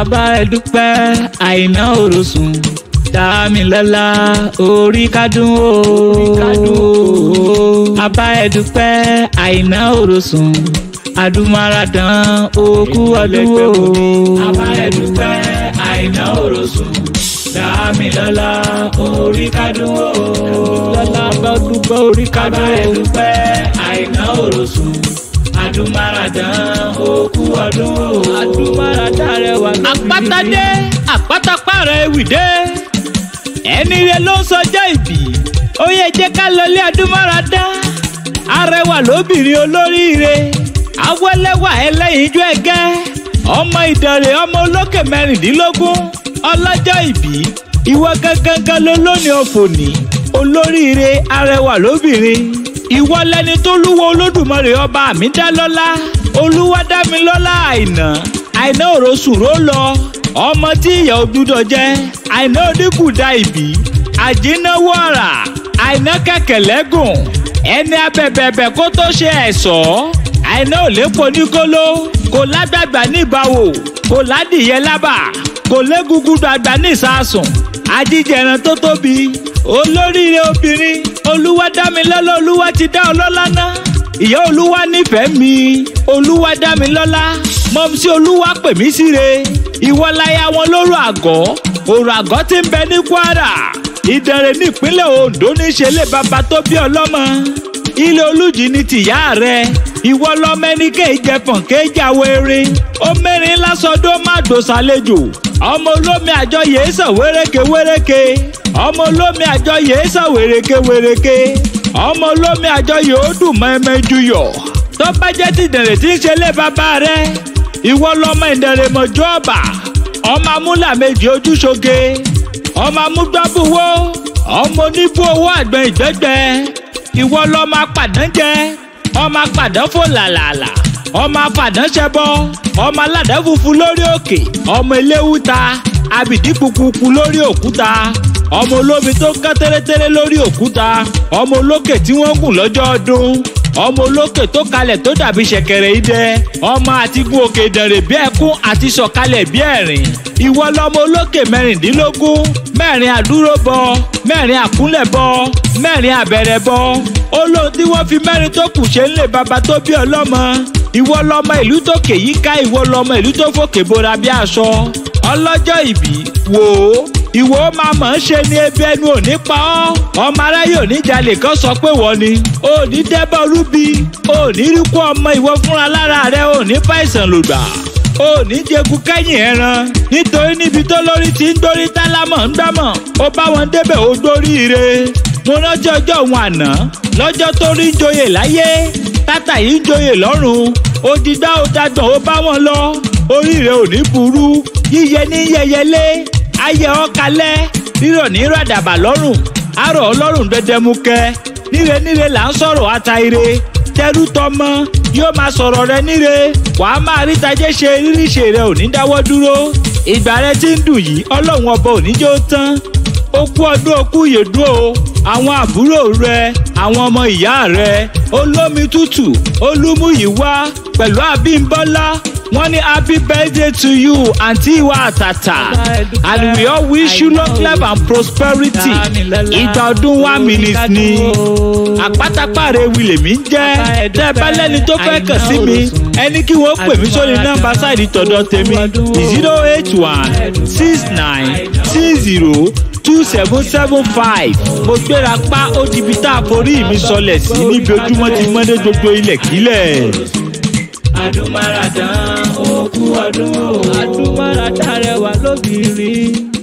abá ẹ dúpẹ́ àìná òrosùn dámilọ́lá orí kádùn o abá ẹ dúpẹ́ àìná òrosùn àdúmáradán òkú ọdún o abá ẹ dúpẹ́ àìná òrosùn dámilọ́lá orí kádùn o lọ́lá bá dúpẹ́ orí kádùn o abá ẹ dúpẹ́ àìná òrosùn àdúmáradán òkú ọdún o. Akpata dé akpatakpa pààrọ̀ ewì dé ẹni rẹ ló ń sọjọ́ ìbí ó yẹ jẹ́ ká lọlé dá, arẹwà lóbìnrin olóríire awẹ́lẹ́wà ẹlẹ́yinjú ọmọ ọmọ olókè mẹ́rìndínlógún ọlọ́jọ́ ìbí ìwọ gangan ló lónìí olóríire arẹwà lóbìnrin ìwọ lẹni tó lúwo olódùmarè ọba mi dá lọ́lá olúwa dá mi àìná òrosùró lọ ọmọ tí ìyà òdúdọ jẹ àìná oníkù da ìbí àjínáwó àrà àìná kẹ̀kẹ́ lẹ́gùn ẹni abẹ̀bẹ̀bẹ̀ kó tó ṣe ẹ̀ṣọ́ àìná òlépo níkóló kò lágbàgbà níbàwò kò ládìyẹ lábà kò légungun dàgbà ní ìsásùn àjíjẹran tó tóbi olóríire obìnrin olúwa dá olúwa ti dá ọlọ́lá náà ìyá olúwa nífẹ̀ẹ́ mi olúwa dá mi lọ́lá mọ́mísí olúwa pè mí síre ìwọ láyà wọn lóru àgọ́ òru àgọ́ tí ń bẹ ní kwara ìdẹ̀rẹ̀ nípínlẹ̀ ondo níṣe lè bàbá tó bí ọlọ́mọ ilé olùjì ni tìyá rẹ ìwọ lọmọ ẹni kéèjẹ fọn kéèjà wẹrin ó mẹ́rin lásọdó má dòṣàlejò ọmọ olómi àjọ yèé sàn wérékewéreke ọmọ olómi àjọ yèé sàn wérékewéreke ọmọ olómi àjọ yóò dùn mẹ́mẹ́ juyọ̀ tó bá jẹ́ ti dẹ̀rẹ̀ tí ń ṣe lé bàbá rẹ ìwọ lọmọ ìdẹ̀rẹ̀ mọ̀jú ọ̀bà ọmọ amúlà méjì ojúṣoge ọmọ amúgbábùwó ọmọ oníbú owó àgbẹ̀ ìgbẹ́gbẹ́ ìwọ lọmọ apàdán jẹ ọmọ apàdán làlàlà ọmọ apàdán ọmọ aládàá lórí òkè ọmọ eléwúta abìdí pupupu lórí òkúta ọmọ olómi tó ń ká tẹ́lẹ́tẹ́lẹ́ lórí òkúta ọmọ olókè tí wọ́n gùn lọ́jọ́ ọdún ọmọ olókè tó kalẹ̀ tó dàbí ṣẹ̀kẹ̀rẹ̀ idẹ ọmọ àti gun òkè dẹ̀rẹ̀ bí ẹkún àti sọ̀kalẹ̀ bí ẹ̀rìn ìwọ lọmọ olókè mẹ́rìndínlógún mẹ́rin àdúró bọ mẹ́rin àkúnlẹ̀ bọ mẹ́rin àbẹ̀rẹ̀ bọ ó lóun tí wọ́n fi mẹ́rin tó kù ṣe ń lè bàbá tó bí ọlọ́mọ ìwọ lọmọ ìlú tó kè yíká ìwọ lọmọ ìlú tó fòkè bora bí aṣọ ọlọ́jọ́ ìbí wò ìwọ máa mọ̀ ń ṣe ni ebi ẹnu ò pa ọ́ ọmọ aráyé ò ní jalè kan sọ pé wọ́n ni ò ní dẹ́bọ̀ rúbi ò ní rí kú ọmọ ìwọ fúnra lára rẹ ò ní fàìsàn lògbà ó ní jẹku kẹ́yìn ẹran nítorí níbi tó lórí ti ń dórí tálámọ̀ ń dámọ̀ ó bá wọn débẹ̀ ó dóríire mo rántí ọjọ́ òun àná lọ́jọ́ tó rí ń joyè láyé tátà yìí ń joyè lọ́rùn òdìdá ó dàgbọ̀n ó bá wọn lọ oríire ò ní burú yíyẹ ní yẹyẹlé ayẹ ọ kalẹ̀ rírọ̀ ní ràdàbà lọ́rùn àrọ̀ ọlọ́rùn dẹdẹmukẹ́ níre níre là ń sọ̀rọ̀ ataire tẹrú tọmọ yóò máa sọ̀rọ̀ rẹ níre wàá máa rí tajé ṣe ríríṣe rẹ ò ní dáwọ́ dúró ìgbà rẹ ti ń dùn yìí ọlọ́run ọba ò ní jó tán okú ọdún okú yèdú o àwọn àbúrò rẹ àwọn ọmọ ìyá rẹ olómi tútù olúmúyìwá pẹ̀lú abímbọ́lá wọ́n ní happy birthday to you àǹtí ìwà àtàtà and we all wish you long life and prosperity ìgbà ọdún one minute ni àpátápàre wìlèmí jẹ́ tẹ́ ẹ bá lẹ́ni tó fẹ́ kàn sí mi ẹni kí wọ́n pè mí sórí nọ́mbà sáìdì tọ̀dọ̀ tèmi zero eight one six nine six zero two seven seven five mo gbéra pa ó di ibi tá a forí mi sọlẹ̀ sí níbi ojúmọ́ ti mọ́ dé gbogbo ilẹ̀ kílẹ̀. àdùnmáradán ó kú ọdún ó àdùnmáradán rẹwà lóbìnrin.